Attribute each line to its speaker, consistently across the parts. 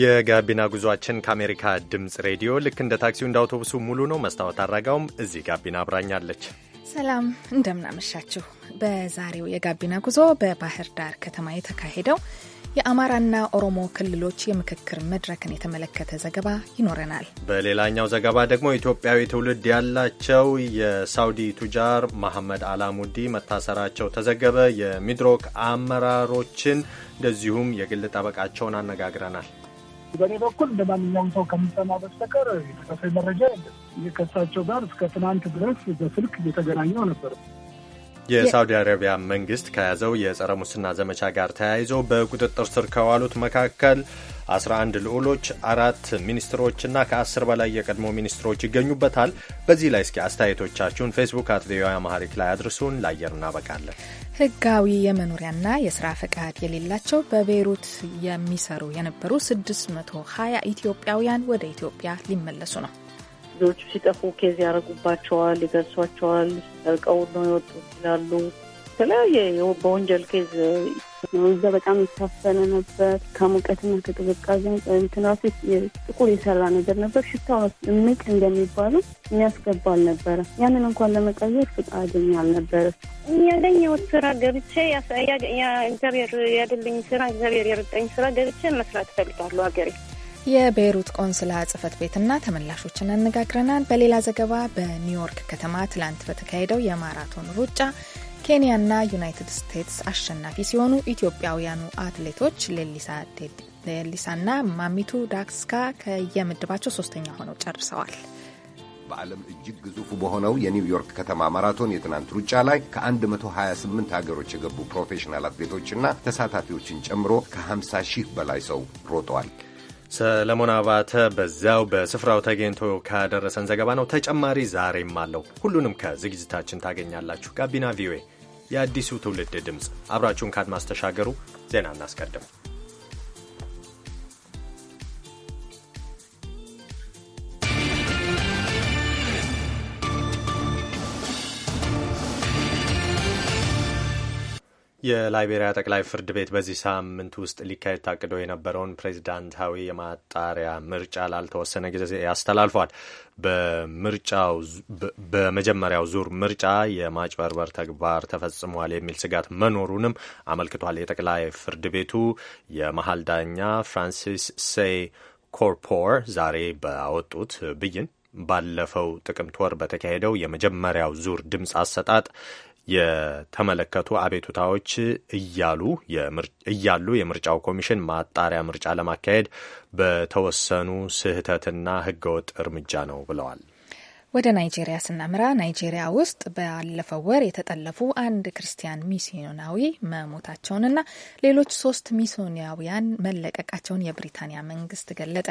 Speaker 1: የጋቢና ጉዟችን ከአሜሪካ ድምፅ ሬዲዮ ልክ እንደ ታክሲው እንደ አውቶቡሱ ሙሉ ነው። መስታወት አድረጋውም እዚህ ጋቢና አብራኛለች።
Speaker 2: ሰላም እንደምናመሻችሁ። በዛሬው የጋቢና ጉዞ በባህር ዳር ከተማ የተካሄደው የአማራና ኦሮሞ ክልሎች የምክክር መድረክን የተመለከተ ዘገባ ይኖረናል።
Speaker 1: በሌላኛው ዘገባ ደግሞ ኢትዮጵያዊ ትውልድ ያላቸው የሳውዲ ቱጃር መሐመድ አላሙዲ መታሰራቸው ተዘገበ። የሚድሮክ አመራሮችን እንደዚሁም የግል ጠበቃቸውን አነጋግረናል።
Speaker 3: በእኔ በኩል እንደ ማንኛውም ሰው ከሚሰማ በስተቀር የተከፋይ መረጃ የለም። ከእሳቸው ጋር እስከ ትናንት ድረስ በስልክ እየተገናኘው ነበር።
Speaker 1: የሳውዲ አረቢያ መንግስት ከያዘው የጸረ ሙስና ዘመቻ ጋር ተያይዞ በቁጥጥር ስር ከዋሉት መካከል 11 ልዑሎች፣ አራት ሚኒስትሮችና ከ10 በላይ የቀድሞ ሚኒስትሮች ይገኙበታል። በዚህ ላይ እስኪ አስተያየቶቻችሁን ፌስቡክ አት ቪኦኤ አማሪክ ላይ አድርሱን። ለአየር እናበቃለን።
Speaker 2: ህጋዊ የመኖሪያና የስራ ፈቃድ የሌላቸው በቤይሩት የሚሰሩ የነበሩ 620 ኢትዮጵያውያን ወደ ኢትዮጵያ ሊመለሱ ነው።
Speaker 4: ልጆቹ ሲጠፉ ኬዝ ያደርጉባቸዋል፣ ይገርሷቸዋል፣ እርቀው ነው የወጡት ይላሉ። የተለያየ በወንጀል ኬዝ እዛ
Speaker 5: በጣም የታፈነ ነበር። ከሙቀትና ከቅዝቃዜ እንትን ጥቁር የሰራ ነገር ነበር። ሽታ እምቅ እንደሚባሉ የሚያስገባል ነበረ። ያንን እንኳን ለመቀየር
Speaker 2: ፍቃደኛ አልነበረ።
Speaker 5: ያገኘሁት ስራ ገብቼ እግዚአብሔር ያድልኝ ስራ እግዚአብሔር የርጠኝ ስራ ገብቼ መስራት እፈልጋለሁ ሀገሬ
Speaker 2: የቤይሩት ቆንስላ ጽህፈት ቤትና ተመላሾችን አነጋግረናል። በሌላ ዘገባ በኒውዮርክ ከተማ ትላንት በተካሄደው የማራቶን ሩጫ ኬንያና ዩናይትድ ስቴትስ አሸናፊ ሲሆኑ ኢትዮጵያውያኑ አትሌቶች ሌሊሳና ማሚቱ ዳክስካ ከየምድባቸው ሶስተኛ ሆነው ጨርሰዋል።
Speaker 6: በዓለም እጅግ ግዙፉ በሆነው የኒውዮርክ ከተማ ማራቶን የትናንት ሩጫ ላይ ከ128 ሀገሮች የገቡ ፕሮፌሽናል አትሌቶችና ተሳታፊዎችን ጨምሮ ከ50 ሺህ በላይ ሰው ሮጠዋል። ሰለሞን አባተ
Speaker 1: በዚያው በስፍራው ተገኝቶ ካደረሰን ዘገባ ነው። ተጨማሪ ዛሬም አለው። ሁሉንም ከዝግጅታችን ታገኛላችሁ። ጋቢና ቪኦኤ የአዲሱ ትውልድ ድምፅ። አብራችሁን ካድማስ ተሻገሩ። ዜና እናስቀድም። የላይቤሪያ ጠቅላይ ፍርድ ቤት በዚህ ሳምንት ውስጥ ሊካሄድ ታቅዶ የነበረውን ፕሬዚዳንታዊ የማጣሪያ ምርጫ ላልተወሰነ ጊዜ ያስተላልፏል። በምርጫው በመጀመሪያው ዙር ምርጫ የማጭበርበር ተግባር ተፈጽሟል የሚል ስጋት መኖሩንም አመልክቷል። የጠቅላይ ፍርድ ቤቱ የመሀል ዳኛ ፍራንሲስ ሴይ ኮርፖር ዛሬ ባወጡት ብይን ባለፈው ጥቅምት ወር በተካሄደው የመጀመሪያው ዙር ድምፅ አሰጣጥ የተመለከቱ አቤቱታዎች እያሉ እያሉ የምርጫው ኮሚሽን ማጣሪያ ምርጫ ለማካሄድ በተወሰኑ ስህተትና ህገወጥ እርምጃ ነው ብለዋል።
Speaker 2: ወደ ናይጄሪያ ስናምራ ናይጄሪያ ውስጥ ባለፈው ወር የተጠለፉ አንድ ክርስቲያን ሚስዮናዊ መሞታቸውንና ሌሎች ሶስት ሚስዮናውያን መለቀቃቸውን የብሪታንያ መንግስት ገለጠ።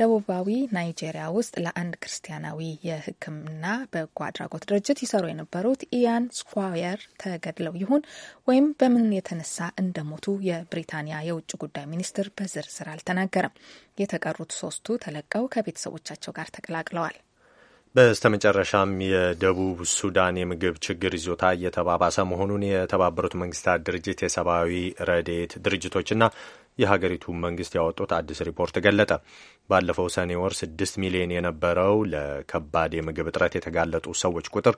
Speaker 2: ደቡባዊ ናይጄሪያ ውስጥ ለአንድ ክርስቲያናዊ የሕክምና በጎ አድራጎት ድርጅት ይሰሩ የነበሩት ኢያን ስኳየር ተገድለው ይሁን ወይም በምን የተነሳ እንደሞቱ የብሪታንያ የውጭ ጉዳይ ሚኒስትር በዝርዝር አልተናገረም። የተቀሩት ሶስቱ ተለቀው ከቤተሰቦቻቸው ጋር ተቀላቅለዋል።
Speaker 1: በስተመጨረሻም የደቡብ ሱዳን የምግብ ችግር ይዞታ እየተባባሰ መሆኑን የተባበሩት መንግስታት ድርጅት የሰብአዊ ረድኤት ድርጅቶችና የሀገሪቱ መንግስት ያወጡት አዲስ ሪፖርት ገለጠ። ባለፈው ሰኔ ወር ስድስት ሚሊዮን የነበረው ለከባድ የምግብ እጥረት የተጋለጡ ሰዎች ቁጥር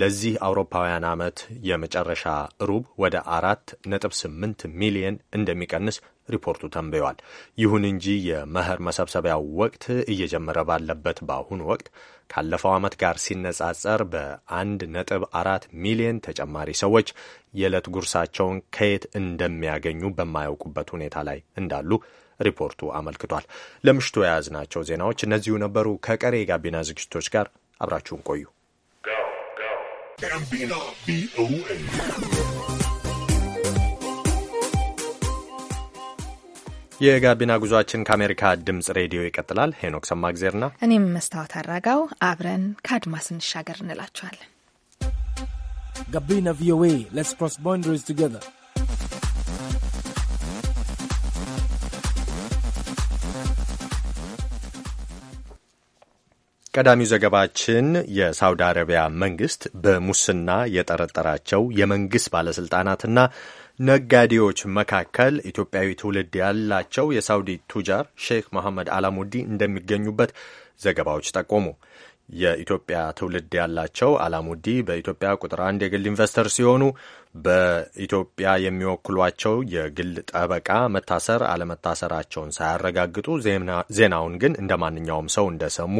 Speaker 1: ለዚህ አውሮፓውያን ዓመት የመጨረሻ ሩብ ወደ አራት ነጥብ ስምንት ሚሊየን እንደሚቀንስ ሪፖርቱ ተንብዮአል። ይሁን እንጂ የመኸር መሰብሰቢያው ወቅት እየጀመረ ባለበት በአሁኑ ወቅት ካለፈው ዓመት ጋር ሲነጻጸር በአንድ ነጥብ አራት ሚሊየን ተጨማሪ ሰዎች የዕለት ጉርሳቸውን ከየት እንደሚያገኙ በማያውቁበት ሁኔታ ላይ እንዳሉ ሪፖርቱ አመልክቷል። ለምሽቱ የያዝናቸው ዜናዎች እነዚሁ ነበሩ። ከቀሬ የጋቢና ዝግጅቶች ጋር አብራችሁን ቆዩ።
Speaker 3: ጋቢና ቪኦኤ
Speaker 1: የጋቢና ጉዟችን ከአሜሪካ ድምጽ ሬዲዮ ይቀጥላል። ሄኖክ ሰማግዜርና
Speaker 2: እኔም መስታወት አራጋው አብረን ከአድማስ እንሻገር እንላችኋለን።
Speaker 1: ጋቢና ቪኦኤ ስ ፕሮስ ባውንደሪስ ቱገር ቀዳሚው ዘገባችን የሳውዲ አረቢያ መንግስት በሙስና የጠረጠራቸው የመንግስት ባለስልጣናትና ነጋዴዎች መካከል ኢትዮጵያዊ ትውልድ ያላቸው የሳውዲ ቱጃር ሼክ መሐመድ አላሙዲ እንደሚገኙበት ዘገባዎች ጠቆሙ። የኢትዮጵያ ትውልድ ያላቸው አላሙዲ በኢትዮጵያ ቁጥር አንድ የግል ኢንቨስተር ሲሆኑ በኢትዮጵያ የሚወክሏቸው የግል ጠበቃ መታሰር አለመታሰራቸውን ሳያረጋግጡ ዜናውን ግን እንደ ማንኛውም ሰው እንደሰሙ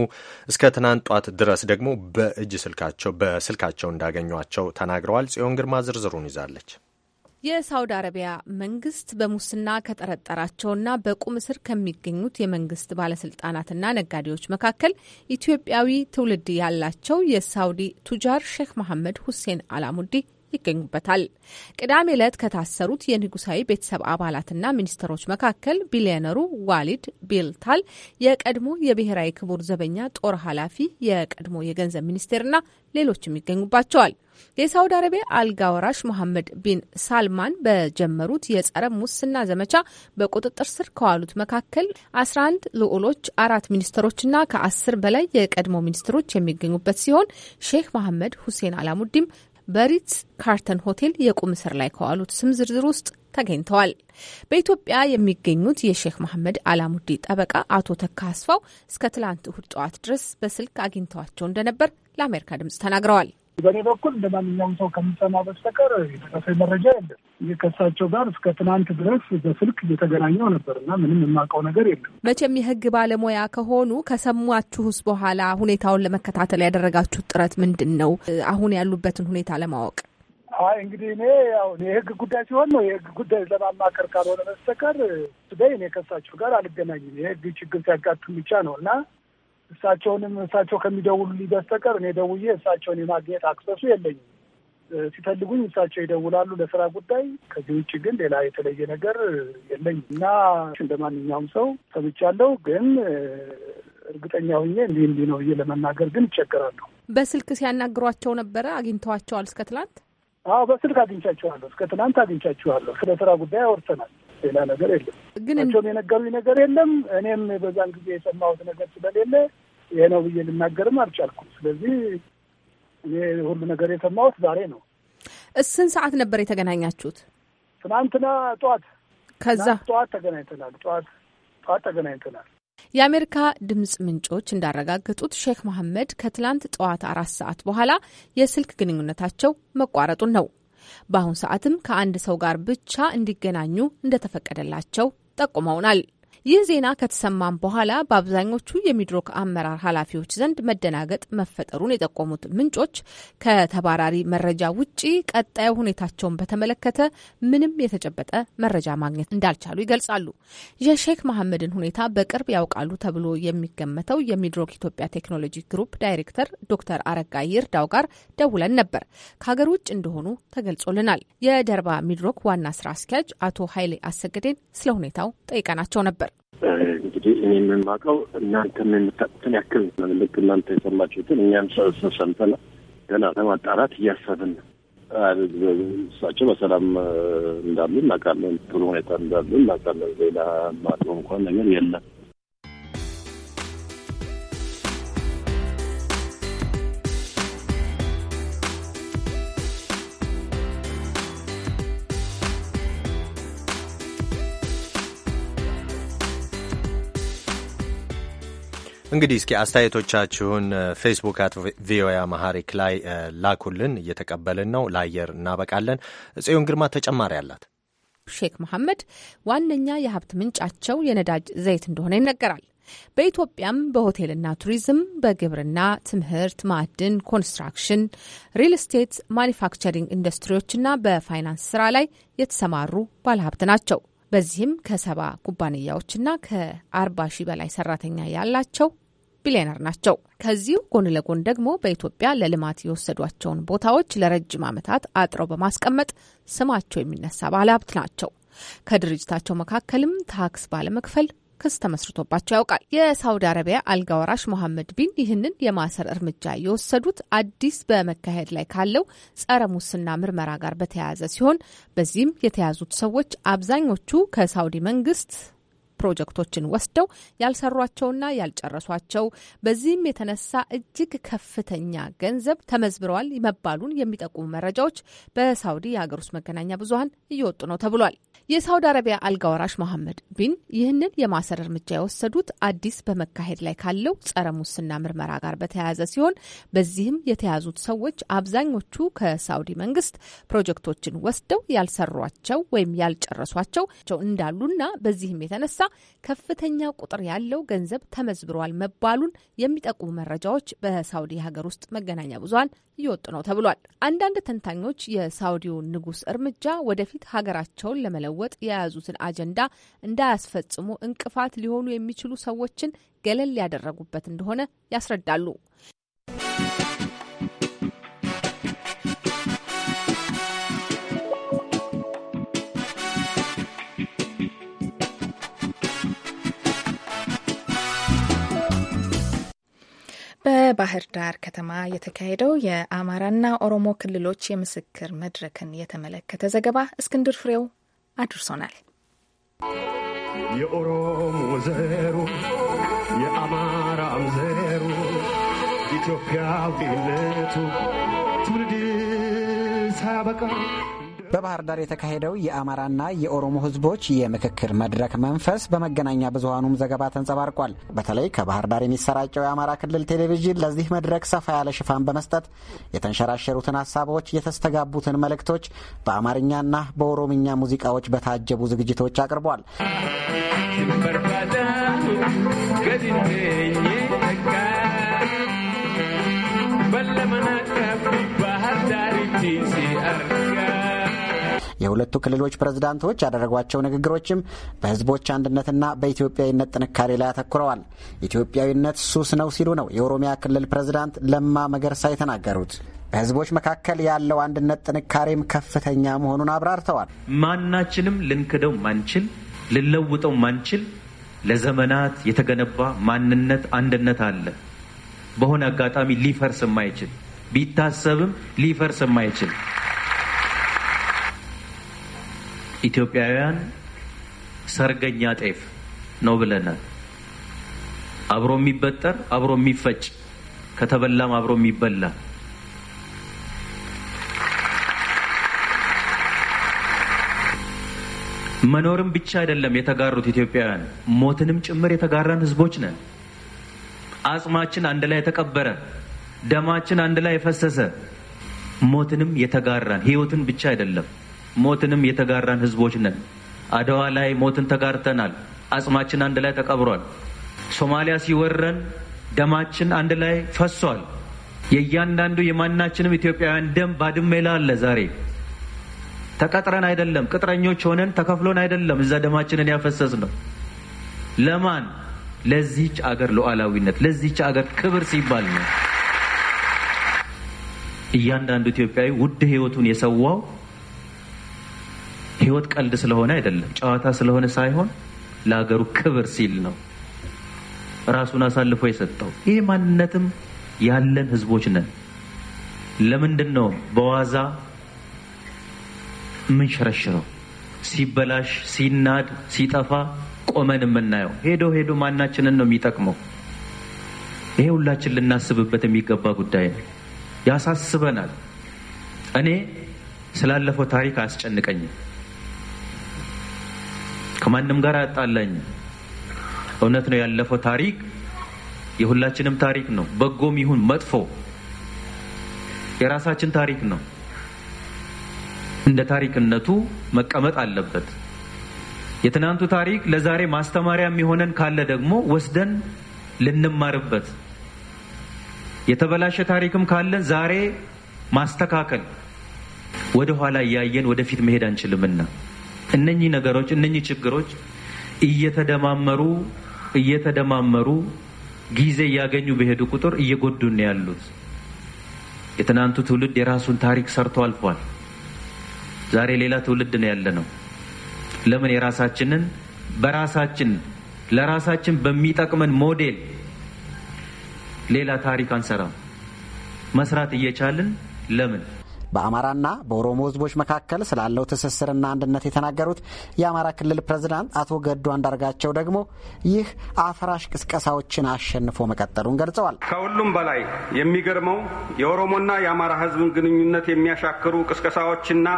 Speaker 1: እስከ ትናንት ጧት ድረስ ደግሞ በእጅ ስልካቸው በስልካቸው እንዳገኟቸው ተናግረዋል። ጽዮን ግርማ ዝርዝሩን ይዛለች።
Speaker 7: የሳውዲ አረቢያ መንግስት በሙስና ከጠረጠራቸውና በቁም እስር ከሚገኙት የመንግስት ባለስልጣናትና ነጋዴዎች መካከል ኢትዮጵያዊ ትውልድ ያላቸው የሳውዲ ቱጃር ሼክ መሐመድ ሁሴን አላሙዲ ይገኙበታል። ቅዳሜ ዕለት ከታሰሩት የንጉሳዊ ቤተሰብ አባላትና ሚኒስትሮች መካከል ቢሊዮነሩ ዋሊድ ቢልታል፣ የቀድሞ የብሔራዊ ክቡር ዘበኛ ጦር ኃላፊ፣ የቀድሞ የገንዘብ ሚኒስቴርና ሌሎችም ይገኙባቸዋል። የሳውዲ አረቢያ አልጋ ወራሽ መሐመድ ቢን ሳልማን በጀመሩት የጸረ ሙስና ዘመቻ በቁጥጥር ስር ከዋሉት መካከል 11 ልዑሎች፣ አራት ሚኒስትሮችና ከ10 በላይ የቀድሞ ሚኒስትሮች የሚገኙበት ሲሆን ሼክ መሐመድ ሁሴን አላሙዲም በሪትስ ካርተን ሆቴል የቁም እስር ላይ ከዋሉት ስም ዝርዝር ውስጥ ተገኝተዋል። በኢትዮጵያ የሚገኙት የሼክ መሐመድ አላሙዲ ጠበቃ አቶ ተካ አስፋው እስከ ትላንት እሁድ ጠዋት ድረስ በስልክ አግኝተዋቸው እንደነበር ለአሜሪካ ድምጽ ተናግረዋል። በእኔ በኩል እንደ
Speaker 3: ማንኛውም ሰው ከምሰማ በስተቀር የደረሰኝ መረጃ የለም። ከእሳቸው ጋር እስከ ትናንት ድረስ በስልክ እየተገናኘው ነበር እና ምንም የማውቀው ነገር የለም።
Speaker 7: መቼም የህግ ባለሙያ ከሆኑ ከሰሟችሁስ በኋላ ሁኔታውን ለመከታተል ያደረጋችሁት ጥረት ምንድን ነው? አሁን ያሉበትን ሁኔታ ለማወቅ
Speaker 3: አይ እንግዲህ እኔ ያው የህግ ጉዳይ ሲሆን ነው የህግ ጉዳይ ለማማከር ካልሆነ በስተቀር ስደይ እኔ ከእሳቸው ጋር አልገናኝም። የህግ ችግር ሲያጋጥም ብቻ ነው እና እሳቸውንም እሳቸው ከሚደውሉልኝ በስተቀር እኔ ደውዬ እሳቸውን የማግኘት አክሰሱ የለኝም። ሲፈልጉኝ እሳቸው ይደውላሉ ለስራ ጉዳይ። ከዚህ ውጭ ግን ሌላ የተለየ ነገር የለኝም እና እንደ ማንኛውም ሰው ሰምቻለሁ ግን እርግጠኛ ሁኜ እንዲህ እንዲህ ነው ብዬ ለመናገር ግን ይቸገራለሁ።
Speaker 7: በስልክ ሲያናግሯቸው ነበረ? አግኝተዋቸዋል? እስከ ትላንት? አዎ በስልክ አግኝቻቸዋለሁ። እስከ ትላንት አግኝቻቸዋለሁ። ስለ ስራ ጉዳይ አወርተናል።
Speaker 3: ሌላ ነገር የለም። ግን እቸውም የነገሩኝ ነገር የለም። እኔም በዛን ጊዜ የሰማሁት ነገር ስለሌለ ይሄ ነው ብዬ ልናገርም አልቻልኩም። ስለዚህ እኔ ሁሉ ነገር የሰማሁት ዛሬ ነው።
Speaker 7: እስን ሰዓት ነበር የተገናኛችሁት? ትናንትና ጠዋት። ከዛ
Speaker 3: ጠዋት ተገናኝተናል። ጠዋት ጠዋት ተገናኝተናል።
Speaker 7: የአሜሪካ ድምጽ ምንጮች እንዳረጋገጡት ሼክ መሐመድ ከትላንት ጠዋት አራት ሰዓት በኋላ የስልክ ግንኙነታቸው መቋረጡን ነው። በአሁን ሰዓትም ከአንድ ሰው ጋር ብቻ እንዲገናኙ እንደተፈቀደላቸው ጠቁመውናል። ይህ ዜና ከተሰማም በኋላ በአብዛኞቹ የሚድሮክ አመራር ኃላፊዎች ዘንድ መደናገጥ መፈጠሩን የጠቆሙት ምንጮች ከተባራሪ መረጃ ውጪ ቀጣዩ ሁኔታቸውን በተመለከተ ምንም የተጨበጠ መረጃ ማግኘት እንዳልቻሉ ይገልጻሉ። የሼክ መሐመድን ሁኔታ በቅርብ ያውቃሉ ተብሎ የሚገመተው የሚድሮክ ኢትዮጵያ ቴክኖሎጂ ግሩፕ ዳይሬክተር ዶክተር አረጋ ይርዳው ጋር ደውለን ነበር። ከሀገር ውጭ እንደሆኑ ተገልጾልናል። የደርባ ሚድሮክ ዋና ስራ አስኪያጅ አቶ ኃይሌ አሰገዴን ስለ ሁኔታው ጠይቀናቸው ነበር።
Speaker 3: እንግዲህ እኔ የምንማቀው እናንተም የምታቁትን ያክል ልክ እናንተ የሰማችሁትን እኛም ሰምተን ገና ለማጣራት እያሰብን እሳቸው በሰላም እንዳሉ እናቃለን። ጥሩ ሁኔታ እንዳሉ እናቃለን። ሌላ ማጥሮ እንኳን ነገር የለም።
Speaker 1: እንግዲህ እስኪ አስተያየቶቻችሁን ፌስቡክ አት ቪኦኤ አማሃሪክ ላይ ላኩልን፣ እየተቀበልን ነው። ለአየር እናበቃለን። ጽዮን ግርማ ተጨማሪ አላት።
Speaker 7: ሼክ መሐመድ ዋነኛ የሀብት ምንጫቸው የነዳጅ ዘይት እንደሆነ ይነገራል። በኢትዮጵያም በሆቴልና ቱሪዝም፣ በግብርና፣ ትምህርት፣ ማዕድን፣ ኮንስትራክሽን፣ ሪል ስቴት፣ ማኒፋክቸሪንግ ኢንዱስትሪዎችና በፋይናንስ ስራ ላይ የተሰማሩ ባለሀብት ናቸው። በዚህም ከሰባ ኩባንያዎችና ከአርባ ሺህ በላይ ሰራተኛ ያላቸው ቢሊዮነር ናቸው። ከዚሁ ጎን ለጎን ደግሞ በኢትዮጵያ ለልማት የወሰዷቸውን ቦታዎች ለረጅም ዓመታት አጥረው በማስቀመጥ ስማቸው የሚነሳ ባለሀብት ናቸው። ከድርጅታቸው መካከልም ታክስ ባለመክፈል ክስ ተመስርቶባቸው ያውቃል። የሳውዲ አረቢያ አልጋ ወራሽ ሞሐመድ ቢን ይህንን የማሰር እርምጃ የወሰዱት አዲስ በመካሄድ ላይ ካለው ጸረ ሙስና ምርመራ ጋር በተያያዘ ሲሆን በዚህም የተያዙት ሰዎች አብዛኞቹ ከሳውዲ መንግስት ፕሮጀክቶችን ወስደው ያልሰሯቸውና ያልጨረሷቸው በዚህም የተነሳ እጅግ ከፍተኛ ገንዘብ ተመዝብረዋል መባሉን የሚጠቁሙ መረጃዎች በሳውዲ የሀገር ውስጥ መገናኛ ብዙኃን እየወጡ ነው ተብሏል። የሳውዲ አረቢያ አልጋ ወራሽ መሐመድ ቢን ይህንን የማሰር እርምጃ የወሰዱት አዲስ በመካሄድ ላይ ካለው ጸረ ሙስና ምርመራ ጋር በተያያዘ ሲሆን በዚህም የተያዙት ሰዎች አብዛኞቹ ከሳውዲ መንግስት ፕሮጀክቶችን ወስደው ያልሰሯቸው ወይም ያልጨረሷቸው እንዳሉና በዚህም የተነሳ ከፍተኛ ቁጥር ያለው ገንዘብ ተመዝብሯል መባሉን የሚጠቁሙ መረጃዎች በሳውዲ ሀገር ውስጥ መገናኛ ብዙሃን እየወጡ ነው ተብሏል። አንዳንድ ተንታኞች የሳውዲው ንጉሥ እርምጃ ወደፊት ሀገራቸውን ለመለወጥ የያዙትን አጀንዳ እንዳያስፈጽሙ እንቅፋት ሊሆኑ የሚችሉ ሰዎችን ገለል ያደረጉበት እንደሆነ ያስረዳሉ።
Speaker 2: በባህር ዳር ከተማ የተካሄደው የአማራና ኦሮሞ ክልሎች የምስክር መድረክን የተመለከተ ዘገባ እስክንድር ፍሬው አድርሶናል።
Speaker 1: የኦሮሞ ዘሩ የአማራም
Speaker 8: ዘሩ ኢትዮጵያዊነቱ ትውልድ ሳያበቃ በባህር ዳር የተካሄደው የአማራና የኦሮሞ ህዝቦች የምክክር መድረክ መንፈስ በመገናኛ ብዙሀኑም ዘገባ ተንጸባርቋል። በተለይ ከባህር ዳር የሚሰራጨው የአማራ ክልል ቴሌቪዥን ለዚህ መድረክ ሰፋ ያለ ሽፋን በመስጠት የተንሸራሸሩትን ሀሳቦች፣ የተስተጋቡትን መልእክቶች በአማርኛና በኦሮምኛ ሙዚቃዎች በታጀቡ ዝግጅቶች አቅርቧል። የሁለቱ ክልሎች ፕሬዝዳንቶች ያደረጓቸው ንግግሮችም በህዝቦች አንድነትና በኢትዮጵያዊነት ጥንካሬ ላይ አተኩረዋል። ኢትዮጵያዊነት ሱስ ነው ሲሉ ነው የኦሮሚያ ክልል ፕሬዝዳንት ለማ መገርሳ የተናገሩት። በህዝቦች መካከል ያለው አንድነት ጥንካሬም ከፍተኛ መሆኑን አብራርተዋል።
Speaker 9: ማናችንም ልንክደው ማንችል፣ ልለውጠው ማንችል ለዘመናት የተገነባ ማንነት አንድነት አለ። በሆነ አጋጣሚ ሊፈርስ የማይችል ቢታሰብም ሊፈርስ የማይችል ኢትዮጵያውያን ሰርገኛ ጤፍ ነው ብለናል። አብሮ የሚበጠር አብሮ የሚፈጭ ከተበላም አብሮ የሚበላ መኖርም ብቻ አይደለም የተጋሩት ኢትዮጵያውያን፣ ሞትንም ጭምር የተጋራን ህዝቦች ነን። አጽማችን አንድ ላይ የተቀበረ፣ ደማችን አንድ ላይ የፈሰሰ፣ ሞትንም የተጋራን ህይወትን ብቻ አይደለም ሞትንም የተጋራን ህዝቦች ነን። አድዋ ላይ ሞትን ተጋርተናል። አጽማችን አንድ ላይ ተቀብሯል። ሶማሊያ ሲወረን ደማችን አንድ ላይ ፈሷል። የእያንዳንዱ የማናችንም ኢትዮጵያውያን ደም ባድሜ ላይ አለ። ዛሬ ተቀጥረን አይደለም፣ ቅጥረኞች ሆነን ተከፍሎን አይደለም። እዛ ደማችንን ያፈሰስ ነው ለማን? ለዚች አገር ሉዓላዊነት፣ ለዚች አገር ክብር ሲባል ነው። እያንዳንዱ ኢትዮጵያዊ ውድ ህይወቱን የሰዋው ህይወት ቀልድ ስለሆነ አይደለም፣ ጨዋታ ስለሆነ ሳይሆን ለሀገሩ ክብር ሲል ነው ራሱን አሳልፎ የሰጠው። ይህ ማንነትም ያለን ህዝቦች ነን። ለምንድን ነው በዋዛ የምንሸረሽረው? ሲበላሽ፣ ሲናድ፣ ሲጠፋ ቆመን የምናየው ሄዶ ሄዶ ማናችንን ነው የሚጠቅመው? ይሄ ሁላችን ልናስብበት የሚገባ ጉዳይ ነው። ያሳስበናል። እኔ ስላለፈው ታሪክ አያስጨንቀኝም። ከማንም ጋር አያጣላኝ። እውነት ነው ያለፈው ታሪክ የሁላችንም ታሪክ ነው። በጎም ይሁን መጥፎ የራሳችን ታሪክ ነው። እንደ ታሪክነቱ መቀመጥ አለበት። የትናንቱ ታሪክ ለዛሬ ማስተማሪያ የሚሆነን ካለ ደግሞ ወስደን ልንማርበት፣ የተበላሸ ታሪክም ካለን ዛሬ ማስተካከል። ወደኋላ እያየን ወደፊት መሄድ አንችልምና እነኚህ ነገሮች እነኚህ ችግሮች እየተደማመሩ እየተደማመሩ ጊዜ እያገኙ በሄዱ ቁጥር እየጎዱን ያሉት። የትናንቱ ትውልድ የራሱን ታሪክ ሰርቶ አልፏል። ዛሬ ሌላ ትውልድ ነው ያለ ነው። ለምን የራሳችንን በራሳችን ለራሳችን በሚጠቅመን ሞዴል ሌላ ታሪክ አንሰራም? መስራት እየቻልን ለምን
Speaker 8: በአማራና በኦሮሞ ህዝቦች መካከል ስላለው ትስስርና አንድነት የተናገሩት የአማራ ክልል ፕሬዝዳንት አቶ ገዱ አንዳርጋቸው ደግሞ ይህ አፍራሽ ቅስቀሳዎችን አሸንፎ መቀጠሉን ገልጸዋል።
Speaker 10: ከሁሉም በላይ የሚገርመው የኦሮሞና የአማራ ህዝብን ግንኙነት የሚያሻክሩ ቅስቀሳዎችና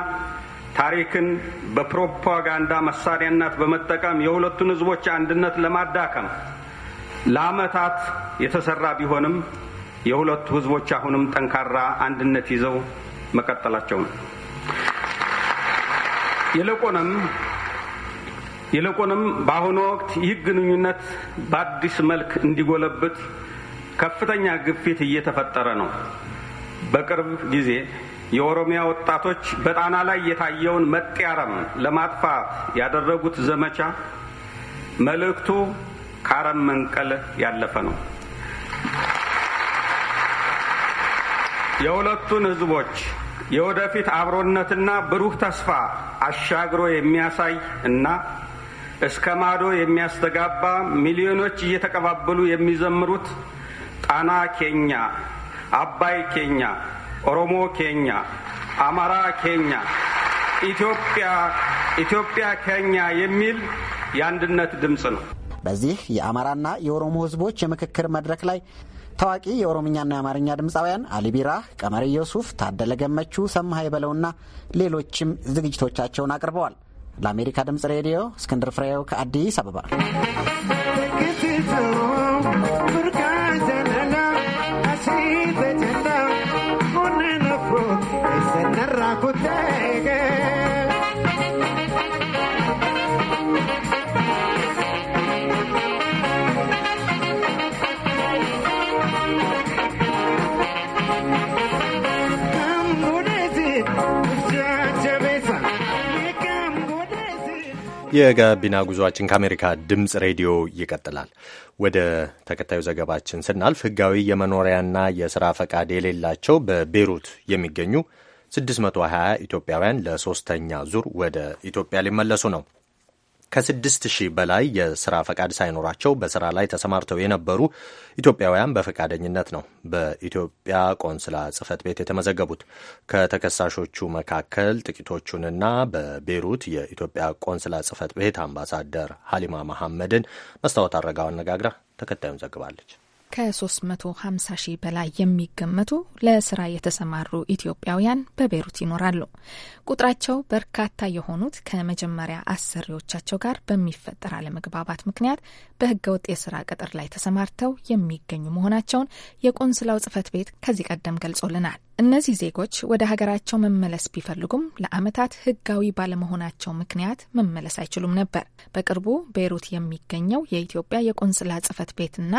Speaker 10: ታሪክን በፕሮፓጋንዳ መሳሪያነት በመጠቀም የሁለቱን ህዝቦች አንድነት ለማዳከም ለአመታት የተሰራ ቢሆንም የሁለቱ ህዝቦች አሁንም ጠንካራ አንድነት ይዘው መቀጠላቸው ነው። ይልቁንም ይልቁንም በአሁኑ ወቅት ይህ ግንኙነት በአዲስ መልክ እንዲጎለብት ከፍተኛ ግፊት እየተፈጠረ ነው። በቅርብ ጊዜ የኦሮሚያ ወጣቶች በጣና ላይ የታየውን መጤ አረም ለማጥፋት ያደረጉት ዘመቻ መልእክቱ ከአረም መንቀል ያለፈ ነው። የሁለቱን ህዝቦች የወደፊት አብሮነትና ብሩህ ተስፋ አሻግሮ የሚያሳይ እና እስከ ማዶ የሚያስተጋባ ሚሊዮኖች እየተቀባበሉ የሚዘምሩት ጣና ኬኛ፣ አባይ ኬኛ፣ ኦሮሞ ኬኛ፣ አማራ ኬኛ፣ ኢትዮጵያ ኬኛ የሚል የአንድነት ድምፅ ነው።
Speaker 8: በዚህ የአማራና የኦሮሞ ህዝቦች የምክክር መድረክ ላይ ታዋቂ የኦሮምኛና የአማርኛ ድምፃውያን አሊቢራ፣ ቀመር ዮሱፍ፣ ታደለ ገመቹ፣ ሰማሀይ በለውና ሌሎችም ዝግጅቶቻቸውን አቅርበዋል። ለአሜሪካ ድምፅ ሬዲዮ እስክንድር ፍሬው ከአዲስ አበባ
Speaker 1: የጋቢና ጉዞአችን ከአሜሪካ ድምፅ ሬዲዮ ይቀጥላል። ወደ ተከታዩ ዘገባችን ስናልፍ ህጋዊ የመኖሪያና የሥራ ፈቃድ የሌላቸው በቤሩት የሚገኙ 620 ኢትዮጵያውያን ለሦስተኛ ዙር ወደ ኢትዮጵያ ሊመለሱ ነው። ከስድስት ሺህ በላይ የስራ ፈቃድ ሳይኖራቸው በስራ ላይ ተሰማርተው የነበሩ ኢትዮጵያውያን በፈቃደኝነት ነው በኢትዮጵያ ቆንስላ ጽህፈት ቤት የተመዘገቡት። ከተከሳሾቹ መካከል ጥቂቶቹንና በቤሩት የኢትዮጵያ ቆንስላ ጽህፈት ቤት አምባሳደር ሀሊማ መሐመድን መስታወት አረጋው አነጋግራ ተከታዩን ዘግባለች።
Speaker 2: ከ350 ሺህ በላይ የሚገመቱ ለስራ የተሰማሩ ኢትዮጵያውያን በቤሩት ይኖራሉ። ቁጥራቸው በርካታ የሆኑት ከመጀመሪያ አሰሪዎቻቸው ጋር በሚፈጠር አለመግባባት ምክንያት በህገወጥ የስራ ቅጥር ላይ ተሰማርተው የሚገኙ መሆናቸውን የቆንስላው ጽህፈት ቤት ከዚህ ቀደም ገልጾልናል። እነዚህ ዜጎች ወደ ሀገራቸው መመለስ ቢፈልጉም ለአመታት ህጋዊ ባለመሆናቸው ምክንያት መመለስ አይችሉም ነበር። በቅርቡ ቤይሩት የሚገኘው የኢትዮጵያ የቆንስላ ቤት ቤትና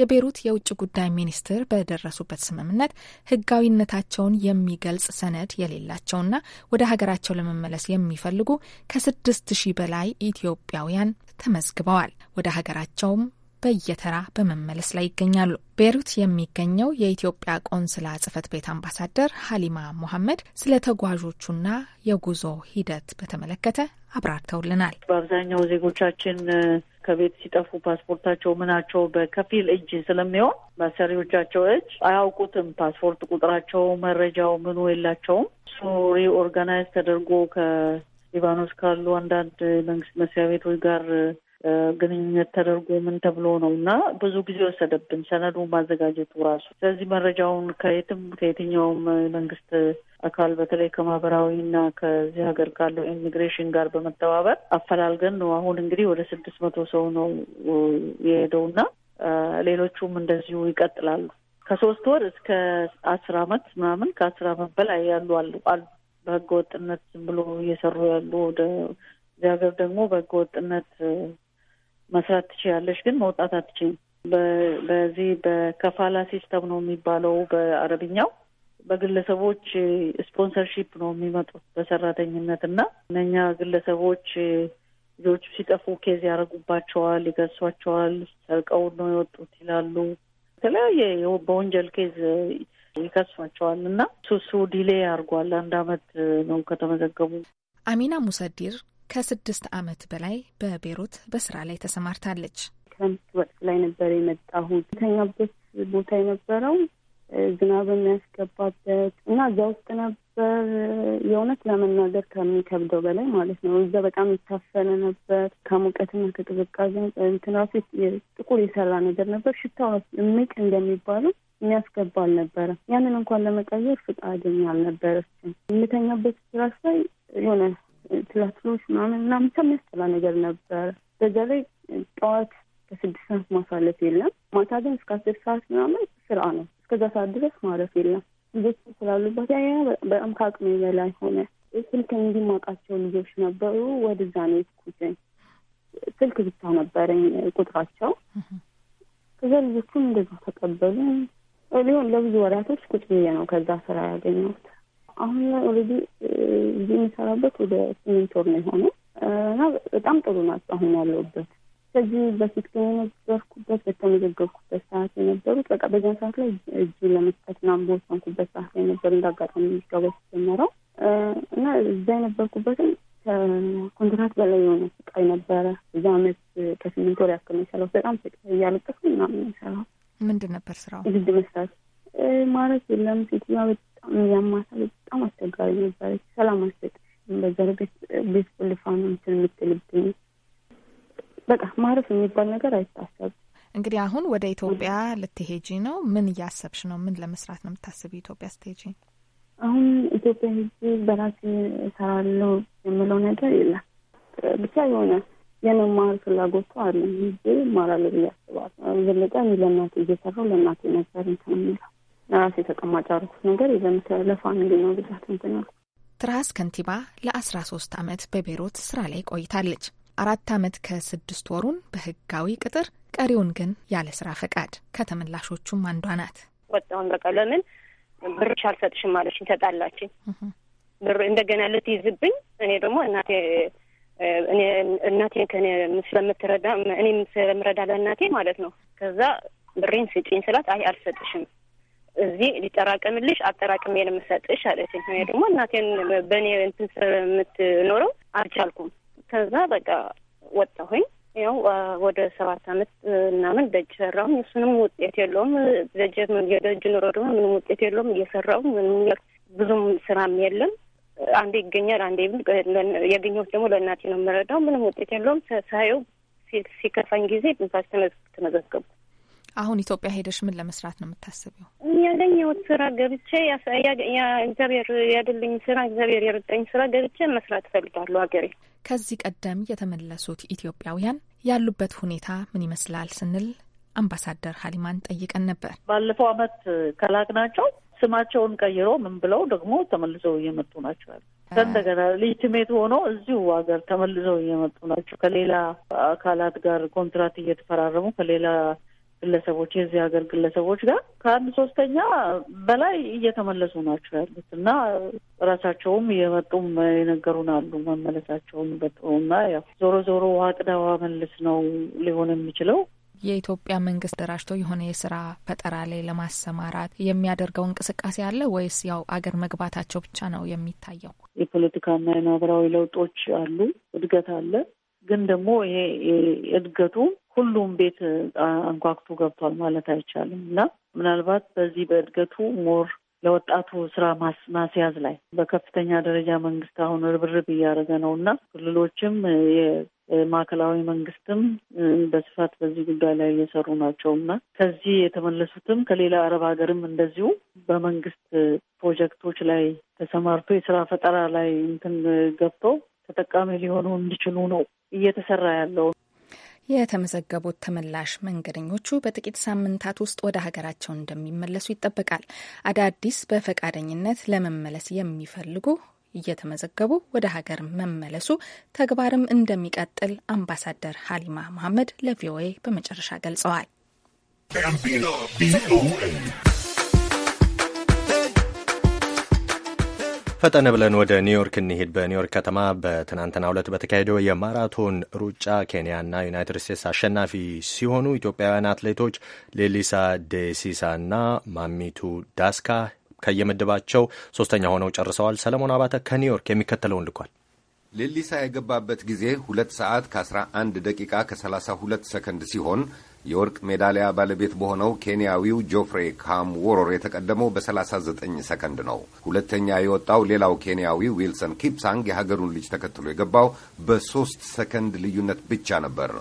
Speaker 2: የቤይሩት የውጭ ጉዳይ ሚኒስትር በደረሱበት ስምምነት ህጋዊነታቸውን የሚገልጽ ሰነድ የሌላቸውና ወደ ሀገራቸው ለመመለስ የሚፈልጉ ከስድስት ሺህ በላይ ኢትዮጵያውያን ተመዝግበዋል። ወደ ሀገራቸውም በየተራ በመመለስ ላይ ይገኛሉ። ቤሩት የሚገኘው የኢትዮጵያ ቆንስላ ጽህፈት ቤት አምባሳደር ሀሊማ ሙሐመድ ስለ ተጓዦቹና የጉዞ ሂደት በተመለከተ አብራርተውልናል።
Speaker 4: በአብዛኛው ዜጎቻችን ከቤት ሲጠፉ ፓስፖርታቸው ምናቸው በከፊል እጅ ስለሚሆን በአሰሪዎቻቸው እጅ አያውቁትም። ፓስፖርት ቁጥራቸው፣ መረጃው ምኑ የላቸውም። እሱ ሪኦርጋናይዝ ተደርጎ ከሊባኖስ ካሉ አንዳንድ መንግስት መስሪያ ቤቶች ጋር ግንኙነት ተደርጎ ምን ተብሎ ነው እና ብዙ ጊዜ ወሰደብን ሰነዱ ማዘጋጀቱ ራሱ። ስለዚህ መረጃውን ከየትም ከየትኛውም መንግስት አካል በተለይ ከማህበራዊና ከዚህ ሀገር ካለው ኢሚግሬሽን ጋር በመተባበር አፈላልገን ነው። አሁን እንግዲህ ወደ ስድስት መቶ ሰው ነው የሄደውና ሌሎቹም እንደዚሁ ይቀጥላሉ። ከሶስት ወር እስከ አስር አመት ምናምን ከአስር አመት በላይ ያሉ አሉ አሉ በህገ ወጥነት ዝም ብሎ እየሰሩ ያሉ ወደ እዚህ ሀገር ደግሞ በህገ ወጥነት መስራት ትችያለሽ፣ ግን መውጣት አትችይም። በዚህ በከፋላ ሲስተም ነው የሚባለው በአረብኛው። በግለሰቦች ስፖንሰርሺፕ ነው የሚመጡት በሰራተኝነት እና እነኛ ግለሰቦች ልጆቹ ሲጠፉ ኬዝ ያደረጉባቸዋል፣ ይገሷቸዋል። ሰርቀው ነው የወጡት ይላሉ። የተለያየ በወንጀል ኬዝ ይከሷቸዋል እና ሱሱ ዲሌ አድርጓል። አንድ አመት ነው ከተመዘገቡ።
Speaker 2: አሚና ሙሰዲር ከስድስት ዓመት በላይ በቤሩት በስራ ላይ ተሰማርታለች። ክረምት ወቅት ላይ
Speaker 5: ነበር የመጣሁት። ተኛበት ቦታ የነበረው ዝናብ የሚያስገባበት እና እዛ ውስጥ ነበር። የእውነት ለመናገር ከሚከብደው በላይ ማለት ነው። እዛ በጣም ይታፈነ ነበር ከሙቀትና ከቅዝቃዜ እንትን ራሱ ጥቁር የሰራ ነገር ነበር። ሽታው ምቅ እንደሚባለው የሚያስገባ አልነበረ። ያንን እንኳን ለመቀየር ፍቃደኛ አልነበረችም። የምተኛበት ትራስ ላይ የሆነ ትላትሎች ምናምን እና ብቻ የሚያስጠላ ነገር ነበር። በዛ ላይ ጠዋት ከስድስት ሰዓት ማሳለፍ የለም ማታ ግን እስከ አስር ሰዓት ምናምን ስራ ነው። እስከዛ ሰዓት ድረስ ማረፍ የለም። ልጆች ስላሉበት ያ በጣም ከአቅሜ በላይ ሆነ። ስልክ እንዲማቃቸው ልጆች ነበሩ። ወደዛ ነው የትኩትኝ ስልክ ብቻ ነበረኝ ቁጥራቸው። ከዛ ልጆቹም እንደዛ ተቀበሉ። ሊሆን ለብዙ ወራቶች ቁጭ ብዬ ነው ከዛ ስራ ያገኘሁት። አሁን ላይ ኦልሬዲ እዚህ የሚሰራበት ወደ ስምንት ወር ነው የሆነው እና በጣም ጥሩ ናቸው አሁን ያለውበት። ከዚህ በፊት ግን የነበርኩበት በተመዘገብኩበት ሰዓት የነበሩት በቃ በዚያን ሰዓት ላይ እጅ ለመስጠት ምናምን በወሰንኩበት ሰዓት ላይ ነበር እንዳጋጣሚ የሚገባ ሲጀመረው እና እዛ የነበርኩበትም ከኮንትራት በላይ የሆነ ስቃይ ነበረ። ብዙ አመት ከስምንት ወር ያክል ነው በጣም ስቃይ እያለቀስኩ ምናምን ነው ምንድን ነበር ስራው? ግድ መስራት ማለት የለም ሴትዮዋ ያማሳል በጣም አስቸጋሪ ነበረች። ሰላም አስጥ በዘር ቤት ቁልፋን ነው እንትን የምትልብኝ
Speaker 2: በቃ ማረፍ የሚባል ነገር አይታሰብ። እንግዲህ አሁን ወደ ኢትዮጵያ ልትሄጂ ነው። ምን እያሰብሽ ነው? ምን ለመስራት ነው የምታስብ? ኢትዮጵያ ስትሄጂ?
Speaker 5: አሁን ኢትዮጵያ ሄጂ በራሴ እሰራለሁ የምለው ነገር የለም። ብቻ የሆነ የመማር ፍላጎቱ አለ። ሄጄ እማራለሁ ብዬ አስባለሁ። ዘለቀ ለእናቴ እየሰራሁ ለእናቴ ነገር እንትን የምለው ራሴ ተቀማጭ ያደረኩት ነገር የዘምተ ለፋሚሊ ነው ብዛት እንትናል
Speaker 2: ትራስ ከንቲባ ለአስራ ሶስት አመት በቤሮት ስራ ላይ ቆይታለች። አራት አመት ከስድስት ወሩን በህጋዊ ቅጥር፣ ቀሪውን ግን ያለ ስራ ፈቃድ። ከተመላሾቹም አንዷ ናት።
Speaker 5: ወጣሁን በቃ ለምን ብርሽ አልሰጥሽም ማለች። ተጣላችኝ። ብር እንደገና ልትይዝብኝ እኔ ደግሞ እናቴ እናቴን ከእኔ ስለምትረዳ እኔም ስለምረዳ ለእናቴ ማለት ነው። ከዛ ብሬን ስጪኝ ስላት አይ አልሰጥሽም እዚህ ሊጠራቀምልሽ አጠራቅሜ ነው የምሰጥሽ አለችኝ። እኔ ደግሞ እናቴን በእኔ እንትን ስለምትኖረው አልቻልኩም። ከዛ በቃ ወጣሁኝ። ያው ወደ ሰባት አመት ምናምን ደጅ ሰራሁኝ። እሱንም ውጤት የለውም። ደጅ የደጅ ኑሮ ደግሞ ምንም ውጤት የለውም። እየሰራሁ ምንም ብዙም ስራም የለም። አንዴ ይገኛል፣ አንዴ ያገኘሁት ደግሞ ለእናቴ ነው የምረዳው። ምንም ውጤት የለውም። ሳየው ሲከፋኝ ጊዜ ንፋስ ተመዘገብኩ።
Speaker 2: አሁን ኢትዮጵያ ሄደሽ ምን ለመስራት ነው የምታስቢው?
Speaker 5: ያገኘሁት ስራ ገብቼ እግዚአብሔር ያድልኝ ስራ እግዚአብሔር የረጠኝ ስራ ገብቼ መስራት እፈልጋለሁ ሀገሬ።
Speaker 2: ከዚህ ቀደም የተመለሱት ኢትዮጵያውያን ያሉበት ሁኔታ ምን ይመስላል ስንል አምባሳደር ሀሊማን ጠይቀን ነበር።
Speaker 4: ባለፈው አመት ከላክናቸው ስማቸውን ቀይሮ ምን ብለው ደግሞ ተመልሰው እየመጡ ናቸው ከእንደገና ሆኖ እዚሁ ሀገር ተመልሰው እየመጡ ናቸው። ከሌላ አካላት ጋር ኮንትራት እየተፈራረሙ ከሌላ ግለሰቦች የዚህ ሀገር ግለሰቦች ጋር ከአንድ ሶስተኛ በላይ እየተመለሱ ናቸው ያሉት እና ራሳቸውም እየመጡም የነገሩን አሉ መመለሳቸውን በጥሩ እና ያው ዞሮ ዞሮ ውሃ ጥዳ መልስ ነው ሊሆን የሚችለው።
Speaker 2: የኢትዮጵያ መንግስት ደራጅቶ የሆነ የስራ ፈጠራ ላይ ለማሰማራት የሚያደርገው እንቅስቃሴ አለ ወይስ ያው አገር መግባታቸው ብቻ ነው የሚታየው?
Speaker 4: የፖለቲካና የማህበራዊ ለውጦች አሉ፣ እድገት አለ። ግን ደግሞ ይሄ እድገቱ ሁሉም ቤት አንኳኩቶ ገብቷል ማለት አይቻልም እና ምናልባት በዚህ በእድገቱ ሞር ለወጣቱ ስራ ማስያዝ ላይ በከፍተኛ ደረጃ መንግስት አሁን ርብርብ እያደረገ ነው እና ክልሎችም ማዕከላዊ መንግስትም በስፋት በዚህ ጉዳይ ላይ እየሰሩ ናቸው እና ከዚህ የተመለሱትም ከሌላ አረብ ሀገርም እንደዚሁ በመንግስት ፕሮጀክቶች ላይ ተሰማርቶ የስራ ፈጠራ ላይ እንትን ገብቶ ተጠቃሚ ሊሆኑ እንዲችሉ ነው እየተሰራ ያለው።
Speaker 2: የተመዘገቡት ተመላሽ መንገደኞቹ በጥቂት ሳምንታት ውስጥ ወደ ሀገራቸው እንደሚመለሱ ይጠበቃል። አዳዲስ በፈቃደኝነት ለመመለስ የሚፈልጉ እየተመዘገቡ ወደ ሀገር መመለሱ ተግባርም እንደሚቀጥል አምባሳደር ሀሊማ መሐመድ ለቪኦኤ በመጨረሻ ገልጸዋል።
Speaker 1: ፈጠን ብለን ወደ ኒውዮርክ እንሄድ። በኒውዮርክ ከተማ በትናንትና ዕለት በተካሄደው የማራቶን ሩጫ ኬንያና ዩናይትድ ስቴትስ አሸናፊ ሲሆኑ ኢትዮጵያውያን አትሌቶች ሌሊሳ ዴሲሳና ማሚቱ ዳስካ ከየምድባቸው ሶስተኛ ሆነው ጨርሰዋል። ሰለሞን አባተ ከኒውዮርክ የሚከተለውን ልኳል።
Speaker 6: ሌሊሳ የገባበት ጊዜ ሁለት ሰዓት ከ11 ደቂቃ ከ32 ሰከንድ ሲሆን የወርቅ ሜዳሊያ ባለቤት በሆነው ኬንያዊው ጆፍሬ ካም ወሮር የተቀደመው በ39 ሰከንድ ነው። ሁለተኛ የወጣው ሌላው ኬንያዊ ዊልሰን ኪፕሳንግ የሀገሩን ልጅ ተከትሎ የገባው በሶስት ሰከንድ ልዩነት ብቻ ነበር።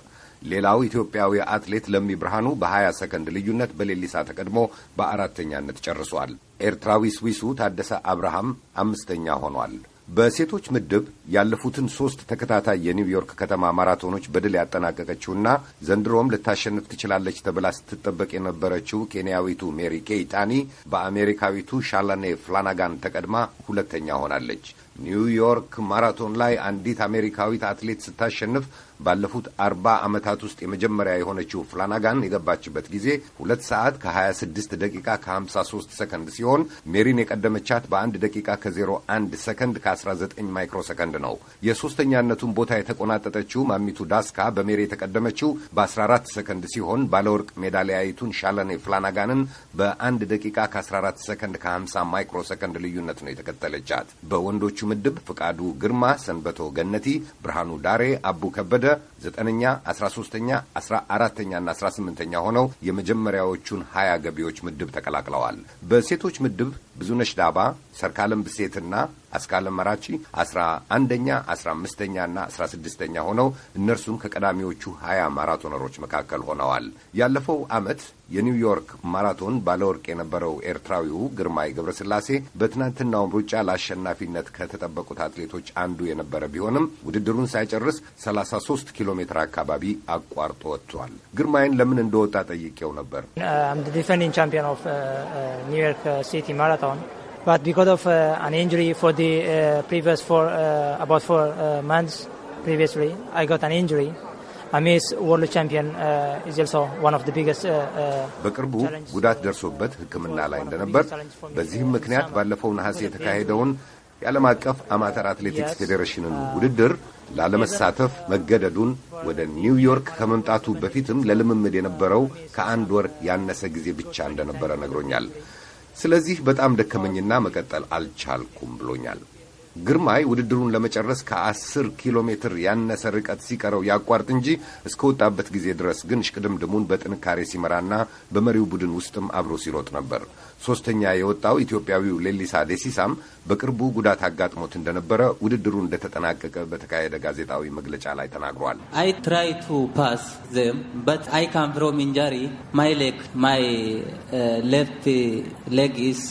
Speaker 6: ሌላው ኢትዮጵያዊ አትሌት ለሚ ብርሃኑ በ20 ሰከንድ ልዩነት በሌሊሳ ተቀድሞ በአራተኛነት ጨርሷል። ኤርትራዊ ስዊሱ ታደሰ አብርሃም አምስተኛ ሆኗል። በሴቶች ምድብ ያለፉትን ሶስት ተከታታይ የኒውዮርክ ከተማ ማራቶኖች በድል ያጠናቀቀችውና ዘንድሮም ልታሸንፍ ትችላለች ተብላ ስትጠበቅ የነበረችው ኬንያዊቱ ሜሪ ኬይታኒ በአሜሪካዊቱ ሻላኔ ፍላናጋን ተቀድማ ሁለተኛ ሆናለች። ኒውዮርክ ማራቶን ላይ አንዲት አሜሪካዊት አትሌት ስታሸንፍ ባለፉት አርባ ዓመታት ውስጥ የመጀመሪያ የሆነችው ፍላናጋን የገባችበት ጊዜ ሁለት ሰዓት ከ26 ደቂቃ ከ53 ሰከንድ ሲሆን ሜሪን የቀደመቻት በአንድ ደቂቃ ከ01 ሰከንድ ከ19 ማይክሮ ሰከንድ ነው። የሦስተኛነቱን ቦታ የተቆናጠጠችው ማሚቱ ዳስካ በሜሪ የተቀደመችው በ14 ሰከንድ ሲሆን ባለወርቅ ሜዳሊያዊቱን ሻለኔ ፍላናጋንን በአንድ ደቂቃ ከ14 ሰከንድ ከ50 ማይክሮ ሰከንድ ልዩነት ነው የተከተለቻት። በወንዶቹ ምድብ ፍቃዱ ግርማ፣ ሰንበቶ ገነቲ፣ ብርሃኑ ዳሬ፣ አቡ ከበደ ወረደ ዘጠነኛ፣ አስራ ሶስተኛ፣ አስራ አራተኛና አስራ ስምንተኛ ሆነው የመጀመሪያዎቹን ሀያ ገቢዎች ምድብ ተቀላቅለዋል። በሴቶች ምድብ ብዙነሽ ዳባ፣ ሰርካለም ብሴትና አስካለ መራቺ አስራ አንደኛ አስራ አምስተኛ ና አስራ ስድስተኛ ሆነው እነርሱም ከቀዳሚዎቹ ሀያ ማራቶነሮች መካከል ሆነዋል። ያለፈው ዓመት የኒውዮርክ ማራቶን ባለወርቅ የነበረው ኤርትራዊው ግርማይ ገብረስላሴ በትናንትናውም ሩጫ ለአሸናፊነት ከተጠበቁት አትሌቶች አንዱ የነበረ ቢሆንም ውድድሩን ሳይጨርስ 33 ኪሎ ሜትር አካባቢ አቋርጦ ወጥቷል። ግርማይን ለምን እንደወጣ ጠይቄው ነበር።
Speaker 9: but because of uh, an injury for the uh, previous four, uh, about four uh, months previously, I got an injury. Uh, uh, uh, በቅርቡ
Speaker 6: ጉዳት ደርሶበት ሕክምና ላይ እንደነበር በዚህም ምክንያት ባለፈው ነሐሴ የተካሄደውን የዓለም አቀፍ አማተር አትሌቲክስ ፌዴሬሽንን ውድድር ላለመሳተፍ መገደዱን ወደ ኒውዮርክ ከመምጣቱ በፊትም ለልምምድ የነበረው ከአንድ ወር ያነሰ ጊዜ ብቻ እንደነበረ ነግሮኛል። ስለዚህ በጣም ደከመኝና መቀጠል አልቻልኩም ብሎኛል። ግርማይ ውድድሩን ለመጨረስ ከአስር ኪሎ ሜትር ያነሰ ርቀት ሲቀረው ያቋርጥ እንጂ እስከ ወጣበት ጊዜ ድረስ ግን ሽቅድምድሙን በጥንካሬ ሲመራና በመሪው ቡድን ውስጥም አብሮ ሲሮጥ ነበር። ሶስተኛ የወጣው ኢትዮጵያዊው ሌሊሳ ደሲሳም በቅርቡ ጉዳት አጋጥሞት እንደነበረ ውድድሩ እንደተጠናቀቀ በተካሄደ ጋዜጣዊ መግለጫ ላይ ተናግሯል።
Speaker 9: አይ ትራይ ቱ ፓስ ዘም በት አይ ካም ፍሮም ኢንጀሪ ማይ ሌግ ማይ
Speaker 6: ሌፍት ሌግ ኢስ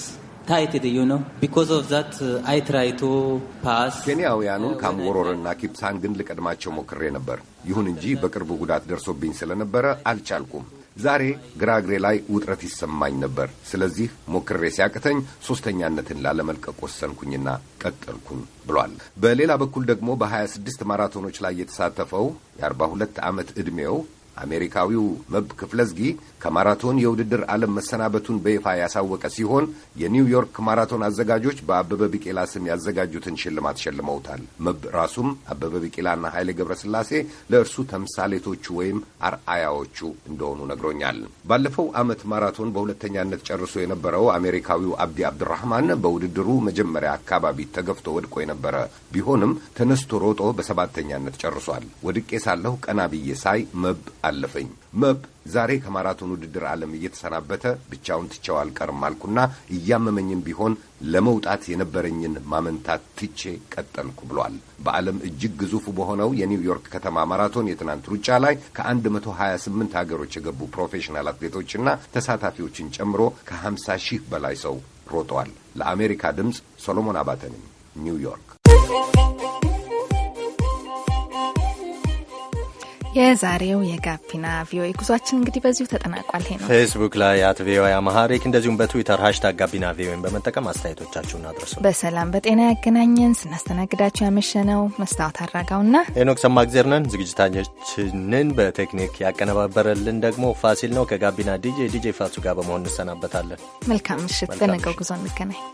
Speaker 6: ኬንያውያኑን ኪፕሳን ኪፕሳንግን ልቀድማቸው ሞክሬ ነበር። ይሁን እንጂ በቅርቡ ጉዳት ደርሶብኝ ስለነበረ አልቻልኩም። ዛሬ ግራግሬ ላይ ውጥረት ይሰማኝ ነበር። ስለዚህ ሞክሬ ሲያቅተኝ ሦስተኛነትን ላለመልቀቅ ወሰንኩኝና ቀጠልኩኝ ብሏል። በሌላ በኩል ደግሞ በ26 ማራቶኖች ላይ የተሳተፈው የ42 ዓመት ዕድሜው አሜሪካዊው መብ ክፍለዝጊ ከማራቶን የውድድር ዓለም መሰናበቱን በይፋ ያሳወቀ ሲሆን የኒውዮርክ ማራቶን አዘጋጆች በአበበ ቢቄላ ስም ያዘጋጁትን ሽልማት ሸልመውታል። መብ ራሱም አበበ ቢቄላና ኃይሌ ገብረስላሴ ለእርሱ ተምሳሌቶቹ ወይም አርአያዎቹ እንደሆኑ ነግሮኛል። ባለፈው ዓመት ማራቶን በሁለተኛነት ጨርሶ የነበረው አሜሪካዊው አብዲ አብዱራህማን በውድድሩ መጀመሪያ አካባቢ ተገፍቶ ወድቆ የነበረ ቢሆንም ተነስቶ ሮጦ በሰባተኛነት ጨርሷል። ወድቄ ሳለሁ ቀና ብዬ ሳይ መብ አለፈኝ። መብ ዛሬ ከማራቶን ውድድር ዓለም እየተሰናበተ ብቻውን ትቼው አልቀርም አልኩና እያመመኝም ቢሆን ለመውጣት የነበረኝን ማመንታት ትቼ ቀጠልኩ ብሏል። በዓለም እጅግ ግዙፉ በሆነው የኒውዮርክ ከተማ ማራቶን የትናንት ሩጫ ላይ ከ128 ሀገሮች የገቡ ፕሮፌሽናል አትሌቶችና ተሳታፊዎችን ጨምሮ ከ50 ሺህ በላይ ሰው ሮጠዋል። ለአሜሪካ ድምፅ ሶሎሞን አባተ ነኝ፣ ኒውዮርክ።
Speaker 2: የዛሬው የጋቢና ቪኦኤ ጉዟችን እንግዲህ በዚሁ ተጠናቋል። ነው
Speaker 1: ፌስቡክ ላይ አት ቪኦኤ አማሃሪክ እንደዚሁም በትዊተር ሀሽታግ ጋቢና ቪኦኤን በመጠቀም አስተያየቶቻችሁን አድረሱ።
Speaker 2: በሰላም በጤና ያገናኘን። ስናስተናግዳችሁ ያመሸነው መስታወት አራጋውና
Speaker 1: ሄኖክ ሰማግዜር ነን። ዝግጅታችንን በቴክኒክ ያቀነባበረልን ደግሞ ፋሲል ነው። ከጋቢና ዲጄ ዲጄ ፋሱ ጋር በመሆን እንሰናበታለን።
Speaker 2: መልካም ምሽት። በነገው ጉዞ እንገናኝ።